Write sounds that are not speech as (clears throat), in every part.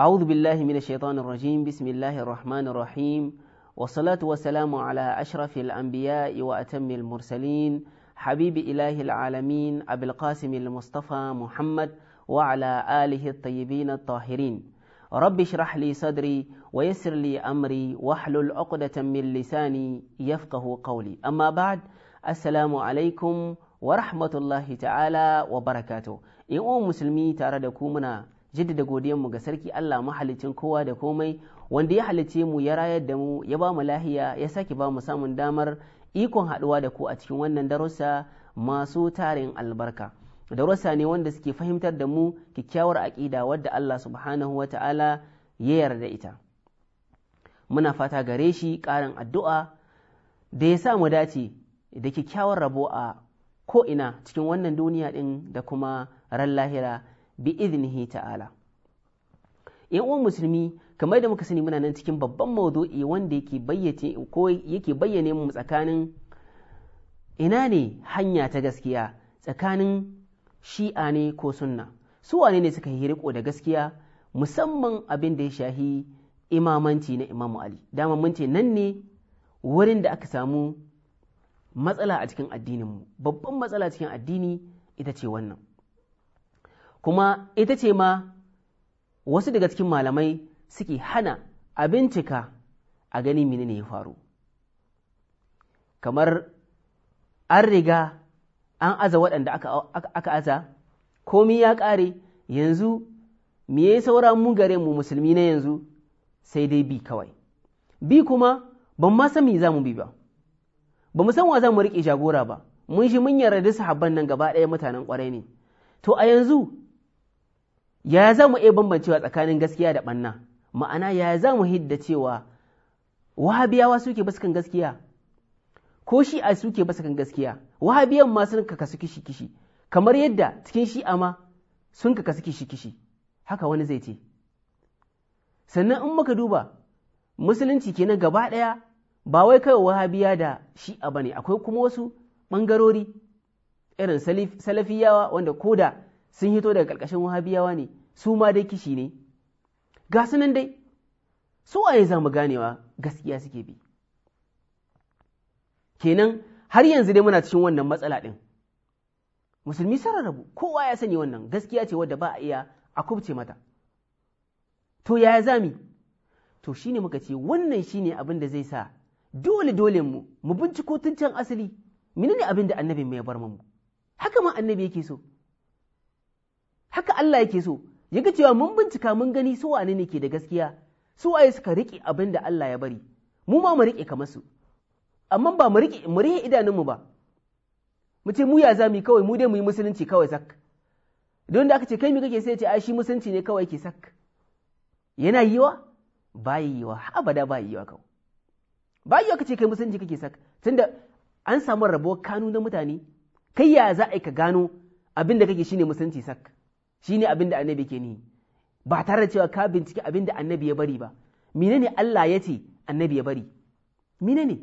أعوذ بالله من الشيطان الرجيم بسم الله الرحمن الرحيم والصلاة والسلام على أشرف الأنبياء وأتم المرسلين حبيب إله العالمين أبي القاسم المصطفى محمد وعلى آله الطيبين الطاهرين رب اشرح لي صدري ويسر لي أمري واحلل عقدة من لساني يفقه قولي أما بعد السلام عليكم wa rahmatullahi ta'ala wa barakatu in uwan musulmi tare da ku muna jaddada godiyanmu ga sarki Allah mahalicin kowa da komai wanda ya halice mu ya rayar da mu ya ba mu lahiya ya sake ba mu samun damar ikon haɗuwa da ku a cikin wannan darussa masu tarin albarka darussa ne wanda suke fahimtar da mu kyakkyawar aƙida wadda Allah subhanahu wa ta'ala ya yarda ita muna fata gare shi ƙarin addu'a da ya sa mu dace da kyakkyawar rabo a ko'ina cikin wannan duniya ɗin da kuma ran lahira bi iznihi ta'ala yan uwan musulmi kamar da muka sani muna nan cikin babban maudu'i wanda yake bayyace ko yake bayyane mu tsakanin ina ne hanya ta gaskiya tsakanin shi'a ne ko sunna su wane ne suka yi riko da gaskiya musamman abin da ya shahi imamanci na imamu ali dama mun ce nan ne wurin da aka samu matsala a cikin addinin mu. babban matsala cikin addini ita ce wannan kuma ita ce ma wasu daga cikin malamai suke hana abincika a gani mini ne ya faru kamar an riga an aza waɗanda aka aza komi ya ƙare yanzu me ya saura mu gare mu musulmi na yanzu sai dai bi kawai bi kuma ban ma san za mu bi ba ba mu san wa za mu riƙe jagora ba mun shi mun yarda da sahabban nan gaba ɗaya mutanen ƙwarai ne to a yanzu ya za mu iya bambancewa tsakanin gaskiya da ɓanna ma'ana ya za mu hidda cewa wahabiyawa suke basu kan gaskiya ko shi'a suke basu kan gaskiya wahabiyan ma sun ka kasu kishi kishi kamar yadda cikin shi'a ma sun ka kasu kishi kishi haka wani zai ce sannan in muka duba musulunci kenan gaba ɗaya ba wai kawai wahabiya da shi'a bane akwai kuma wasu ɓangarori irin salafiyawa wanda da. sun hito daga ƙarƙashin wahabiyawa ne su ma dai kishi ne ga su nan dai su waye za mu ganewa gaskiya suke bi kenan har yanzu dai muna cikin wannan matsala ɗin musulmi sararrabu kowa ya sani wannan gaskiya ce wadda ba a iya a kubce mata to yaya zami to shine muka ce wannan shine abin da zai sa dole dole mu mu binciko tun can asali ne abin da Annabi mai ya bar mu haka ma annabi yake so haka Allah yake so ya ga cewa mun bincika mun gani su wane ne ke da gaskiya su waye suka riƙe abin da Allah ya bari mu ma mu riƙe kamar su amma ba mu riƙe mu riƙe idanunmu ba mu ce mu ya zami kawai mu dai mu yi musulunci kawai sak don da aka ce kai mi kake sai ce ai shi musulunci ne kawai ke sak yana yiwa ba yiwa har abada ba yiwa kawai ba yiwa kace kai musulunci kake sak tunda an samu rabuwar kanu na mutane kai ya za a ka gano abin da kake shine musulunci sak shi ne abin da annabi ke ni. ba tare da cewa ka binciki abin da annabi ya bari ba Mine ne Allah ya ce annabi ya bari ne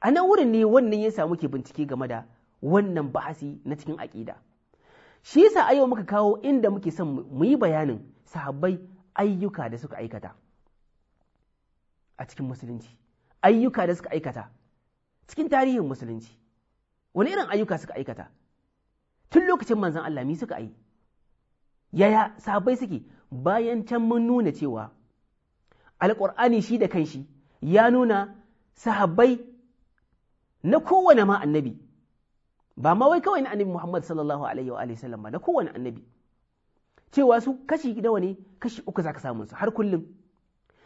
a nan wurin ne wannan ya samu ke bincike game da wannan bahasi na cikin aƙida shi yasa a yau muka kawo inda muke son mu yi bayanin sahabbai ayyuka da suka aikata a cikin musulunci ayyuka da suka aikata cikin tarihin musulunci wani irin ayyuka suka aikata tun lokacin manzan Allah mi suka yi yaya sahabbai suke bayan can mun nuna cewa alƙur'ani shi da kanshi ya nuna sahabbai na kowane ma annabi ba ma wai kawai na annabi Muhammad sallallahu alaihi wa sallam ba na kowane annabi cewa su kashi nawa ne kashi uku zaka samu su har kullum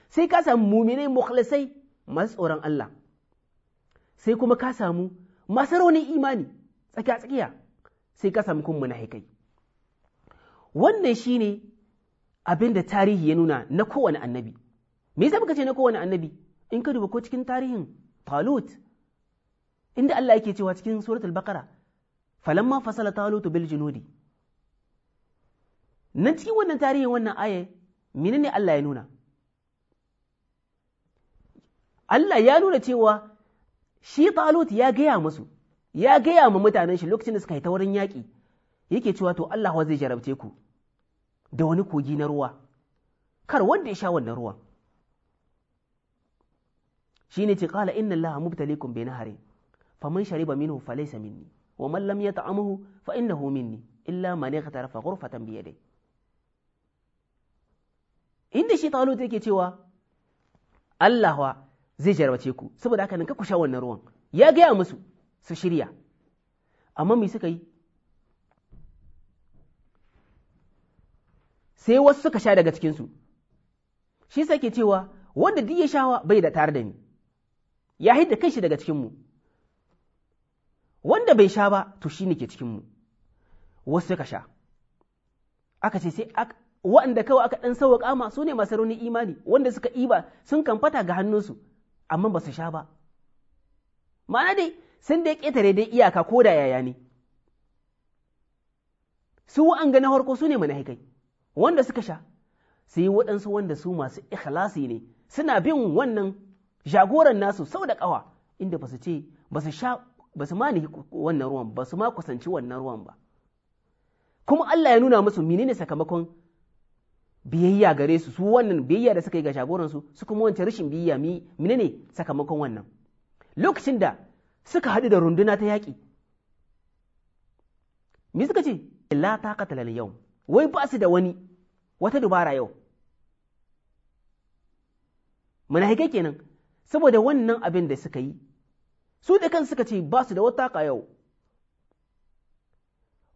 sai ka samu muminai mukhlasai masu tsoron Allah sai kuma ka samu masu raunin imani tsakiya tsakiya sai ka samu kun munafikai wannan shi ne abin da tarihi ya nuna na kowane annabi me zai muka ce na kowane annabi in ka duba ko cikin tarihin talut inda Allah yake cewa cikin suratul baqara falamma fasala talut bil junudi nan cikin wannan tarihin wannan aya menene Allah ya nuna Allah ya nuna cewa shi talut ya gaya musu ya gaya ma mutanen shi lokacin da suka yi ta wurin yaƙi yake cewa to Allah wa zai jarabce ku da wani kogi na ruwa kar wanda ya sha wannan ruwan Shi ne ce kala inna allaha mubtalikum bi Fa faman shariba minhu falaysa minni wa man lam yat'amhu fa innahu minni illa man ightarafa ghurfatan bi dai? inda shi talut yake cewa Allah wa zai jarabace ku saboda haka nan ka ku sha wannan ruwan ya gaya musu su shirya amma me suka yi sai wasu suka sha daga cikinsu shi sa ke cewa wanda duk ya shawa bai da tare da ni ya hidda kai shi daga cikinmu wanda bai sha ba to shi ne ke cikinmu wasu suka sha aka ce sai waɗanda kawai aka ɗan sauwaƙa ma su ne masu rauni imani wanda suka iba sun kamfata ga hannunsu amma ba su sha ba ma'ana dai sun dai ƙetare dai iyaka ko da yaya ne su ga na farko su ne mana haikai wanda suka sha su yi waɗansu wanda su masu ikhlasi ne suna bin wannan jagoran nasu sau da ƙawa inda ba su ce ba su mani wannan ruwan ba su ma kusanci wannan ruwan ba kuma Allah ya nuna musu menene sakamakon biyayya gare su su wannan biyayya da suka yi ga jagoransu su kuma wancan rashin biyayya menene sakamakon wannan lokacin da suka haɗu da runduna ta yaƙi me suka ce la taqata lil yawm wai ba su da wani wata dubara yau Muna munafikai kenan saboda wannan abin da suka yi su da kan suka ce ba su da wata ka yau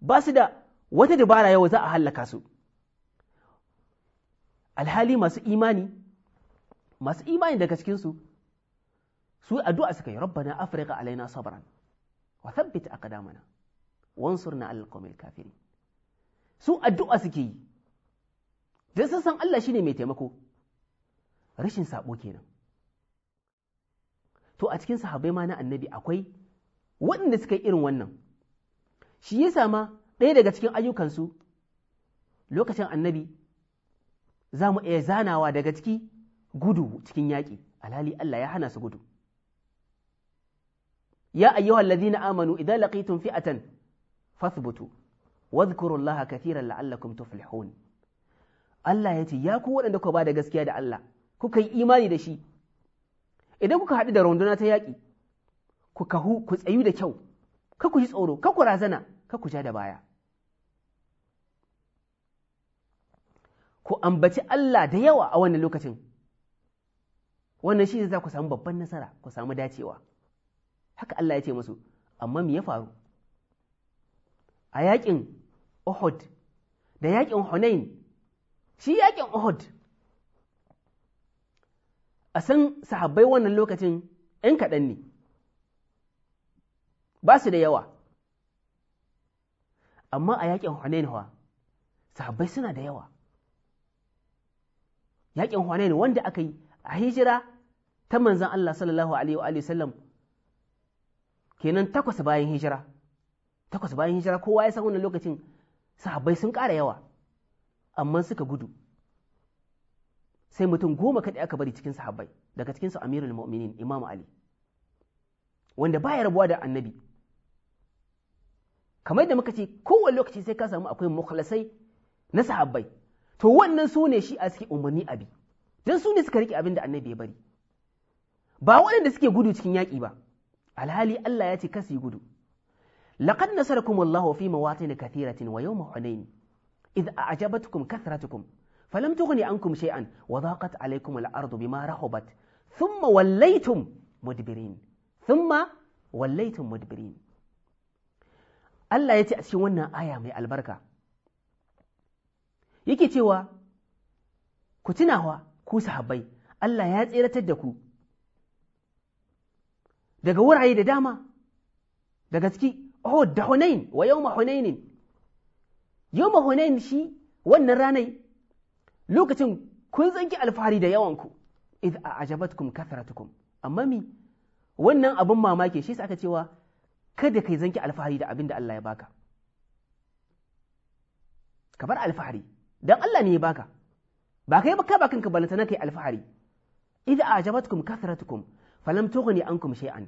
ba su da wata dubara yau za a hallaka su alhali masu imani masu imani daga cikinsu su addu'a suka yi rabbana afirka alaina sabran wa thabbit aqdamana wansurna alal qawmil kafirin su addu'a suke yi don sun san Allah shi ne mai taimako rashin saɓo kenan to a cikin sahabbai ma na annabi akwai waɗanda suka yi irin wannan shi ya sama ɗaya daga cikin ayyukansu lokacin annabi za mu iya zanawa daga ciki gudu cikin yaƙi alhali Allah ya hana su gudu ya ayyuhal ladina amanu idan laqitum fi'atan fathbutu wadhkurullaha kathiran la'allakum tuflihun Allah ya ce ya ku waɗanda ku ba da gaskiya da Allah kuka yi imani da shi idan kuka haɗu da runduna ta yaƙi ku kahu ku tsayu da kyau ka ku ji tsoro ka ku razana ka ku ja da baya ku ambaci Allah da yawa a wannan lokacin wannan shi ne za ku samu babban nasara ku samu dacewa haka Allah ya ce musu amma me ya faru a yaƙin Uhud da yaƙin Hunain shi yaƙin Uhud a san sahabbai wannan lokacin ‘yan kaɗan ne, ba su da yawa, amma a yaƙin Hunain wa sahabbai suna da yawa. Yaƙin Hunain wanda aka yi a hijira ta manzan Allah sallallahu Alaihi wa kenan takwas bayan hijira. takwas bayan hijira kowa ya san wannan lokacin sahabbai sun ƙara yawa amma suka gudu sai mutum goma kaɗai aka bari cikin sahabbai daga cikin su amirul mu'minin imam ali wanda baya rabuwa da annabi kamar yadda muka ce kowane lokaci sai ka samu akwai mukhlasai na sahabbai to wannan su ne shi a suke umarni abi don su ne suka rike abin da annabi ya bari ba waɗanda suke gudu cikin yaƙi ba alhali Allah ya ce kasu yi gudu لقد نصركم الله في مواطن كثيرة ويوم حنين إذ أعجبتكم كثرتكم فلم تغن عنكم شيئا وضاقت عليكم الأرض بما رحبت ثم وليتم مدبرين ثم وليتم مدبرين الله يتأسي ونا آية من البركة yake cewa ku tunawa ku sahabbai Allah ya tseratar da ku daga wurare da dama daga ciki Uhud da Hunain wa yawma Hunainin yawma Hunain shi wannan ranai lokacin kun tsanki alfahari da yawanku idh a'jabatkum kathratukum amma mi wannan abin mamaki shi aka cewa kada kai zanki alfahari da abin da Allah ya baka ka bar alfahari don Allah ne ya baka ba kai baka bakan ka balanta na kai alfahari idh a'jabatkum kathratukum falam tughni ankum shay'an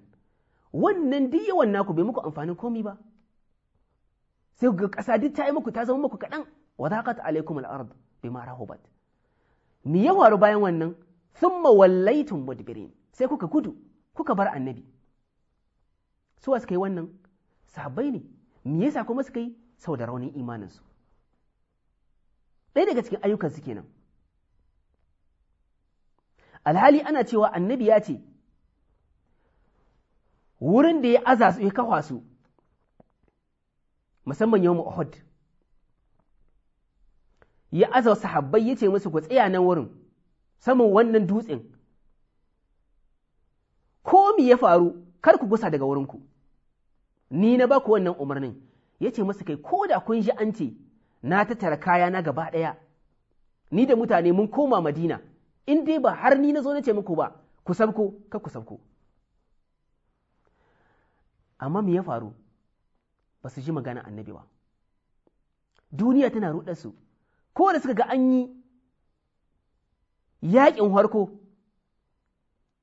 wannan duk yawan naku bai muku amfanin komi ba sai ga ƙasa duk ta yi muku ta zama muku kaɗan wadaqat alaikum al-ard mara rahubat mi ya waru bayan wannan thumma wallaitum mudbirin sai kuka gudu kuka bar annabi su suka yi wannan sahabbai ne me yasa kuma suka yi sau da raunin imanin su ɗaya daga cikin ayyukan su kenan alhali ana cewa annabi ya ce wurin da ya aza su ya kafa su musamman yau Uhud ya aza sahabbai ya ce musu ku tsaya nan wurin saman wannan dutsen ko mi ya faru kar ku gusa daga wurinku ni na ba ku wannan umarnin ya ce musu kai ko da kun ji an ce na tattara kaya na gaba ɗaya ni da mutane mun koma madina in dai ba har ni na zo na ce muku ba ku sabko ka ku sabko amma me ya faru ba su ji magana annabi ba duniya tana ruɗa su ko da suka ga an yi yaƙin harko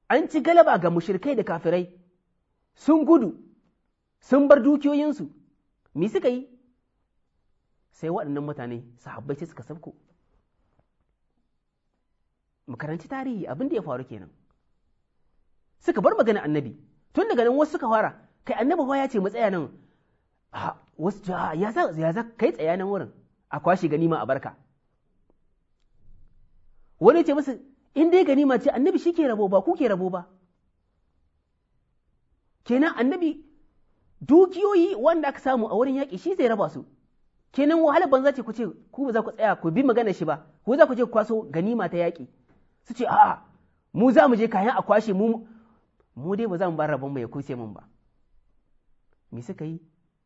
an ci galaba ga mushirkai da kafirai sun gudu sun bar dukiyoyinsu me suka yi sai waɗannan mutane sahabbai sai suka sabko makaranci tarihi abin da ya faru kenan suka bar magana annabi tun daga nan wasu suka fara kai annabi ba ya ce mu tsaya nan wasu ya za ya za kai tsaya nan wurin a kwashi ganima a barka wani ce musu in dai ganima ce annabi shi ke rabo ba ku ke rabo ba kenan annabi dukiyoyi wanda aka samu a wurin yaƙi shi zai raba su kenan wahala banza ce ku ce ku za ku tsaya ku bi magana shi ba ku za ku je kwaso ganima ta yaƙi su ce a'a mu za mu je kayan a kwashe mu mu dai ba za mu bar rabon mu ya kuce mun ba me suka yi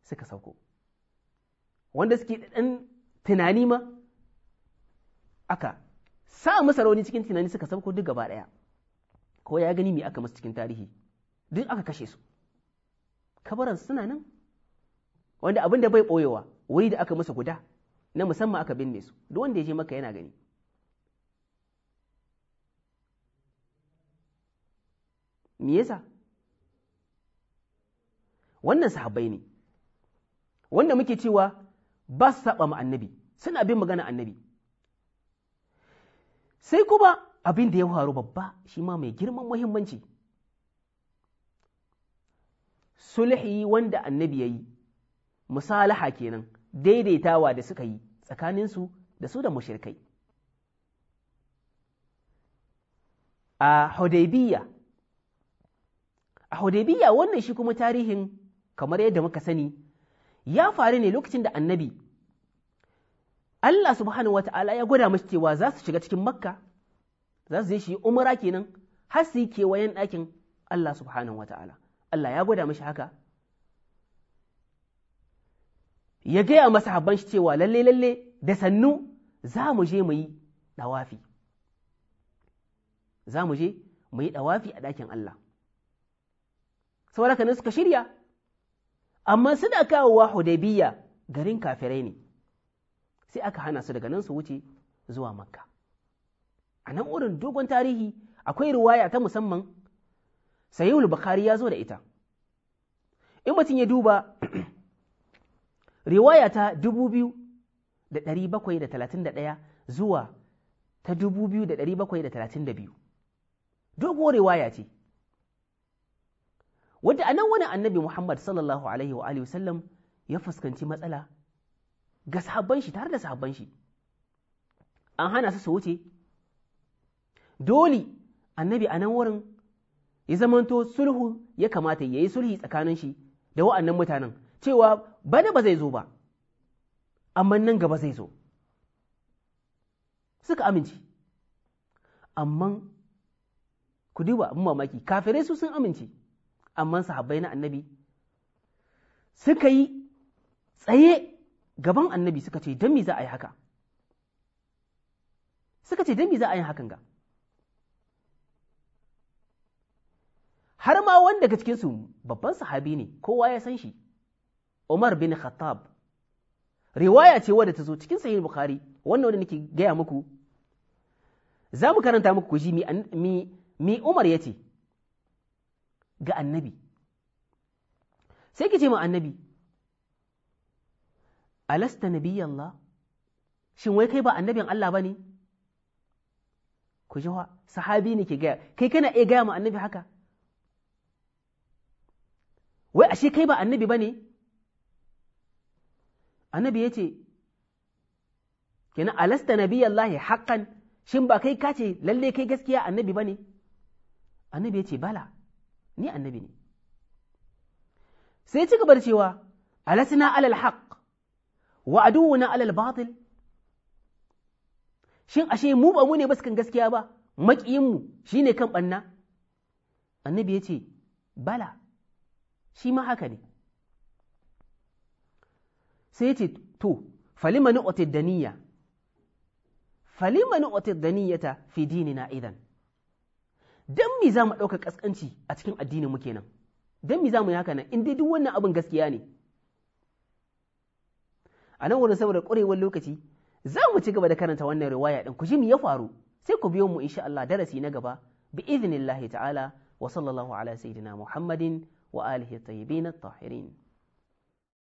suka sauko wanda suke ɗan tunani ma aka sa masa rauni cikin tunani suka sauko duk gaba ɗaya ko ya gani me aka masu cikin tarihi duk aka kashe su kabaran suna nan wanda abin da bai ɓoyewa wuri da aka masa guda na musamman aka binne su duk wanda ya je maka yana gani me yasa wannan sahabbai ne wanda muke cewa ba su saba ma annabi suna bin magana annabi sai kuma abin da ya faru babba shi ma mai girman muhimmanci sulhi wanda annabi ya yi musalaha kenan daidaitawa da suka yi tsakaninsu da su da mushirkai a Hudaybiyya a Hudaybiyya wannan shi kuma tarihin kamar yadda muka sani ya faru ne lokacin da annabi Allah subhanahu wa ta'ala ya gwada mashi cewa za su shiga cikin makka za su je shi umara kenan har su yi kewayen ɗakin Allah subhanahu wa ta'ala Allah ya gwada mashi haka ya gaya masa habban shi cewa lalle lalle da sannu za mu je mu yi ɗawafi za mu je mu yi ɗawafi a ɗakin Allah sauraka ne suka shirya amma suna kawowa hudaybiya garin kafirai ne sai aka hana su daga nan su wuce zuwa makka a nan wurin dogon tarihi akwai riwaya ta musamman sayyul bukhari ya zo da ita in mutum ya duba (clears throat) riwaya ta 2731 zuwa ta 2732 doguwar riwaya ce wadda a nan wani annabi Muhammad sallallahu alaihi wa alihi wasallam ya fuskanci matsala ga sahabban shi tare da sahabban shi an hana su su wuce dole annabi a wurin ya zamanto sulhu ya kamata ya yi sulhi tsakanin shi da wa'annan mutanen cewa bana ba zai zo ba amma nan gaba zai zo suka amince amma ku duba mamaki kafirai su sun amince amma sahabbai na annabi suka yi tsaye gaban annabi suka ce don me za a yi haka suka ce don me za a yi hakan ga har ma wanda daga cikinsu babban sahabi ne kowa ya san shi Umar bin Khattab riwaya ce wadda ta zo cikin sahih Bukhari wannan wanda nake gaya muku za mu karanta muku ku ji mi Umar ya ce ga annabi sai ki ce ma annabi alasta nabiyyan Allah shin wai kai ba annabin Allah ba ne ku ji sahabi ne ke gaya kai kana iya gaya ma annabi haka wai ashe kai ba annabi ba ne annabi ya ce kenan alasta Allah haƙƙan shin ba kai kace lalle kai gaskiya annabi ba ne annabi ya ce bala ni annabi ne sai ci gaba da cewa alasina alal haq wa aduwuna alal batil shin ashe mu ba mu ne baskan gaskiya ba mu shine kan banna annabi ya ce bala shi ma haka ne sai ya ce to falima ni otid daniya falima ni otid fi dinina idan dan mi za mu ɗauka ƙasƙanci a cikin addinin mu kenan dan mi za mu yi haka nan in dai duk wannan abin gaskiya ne a nan wurin saboda ƙwarewar lokaci za mu ci gaba da karanta wannan riwaya ɗin ku ji mu ya faru sai ku biyo mu insha Allah darasi na gaba bi idinillahi ta'ala wa sallallahu ala sayyidina muhammadin wa alihi tayyibin at-tahirin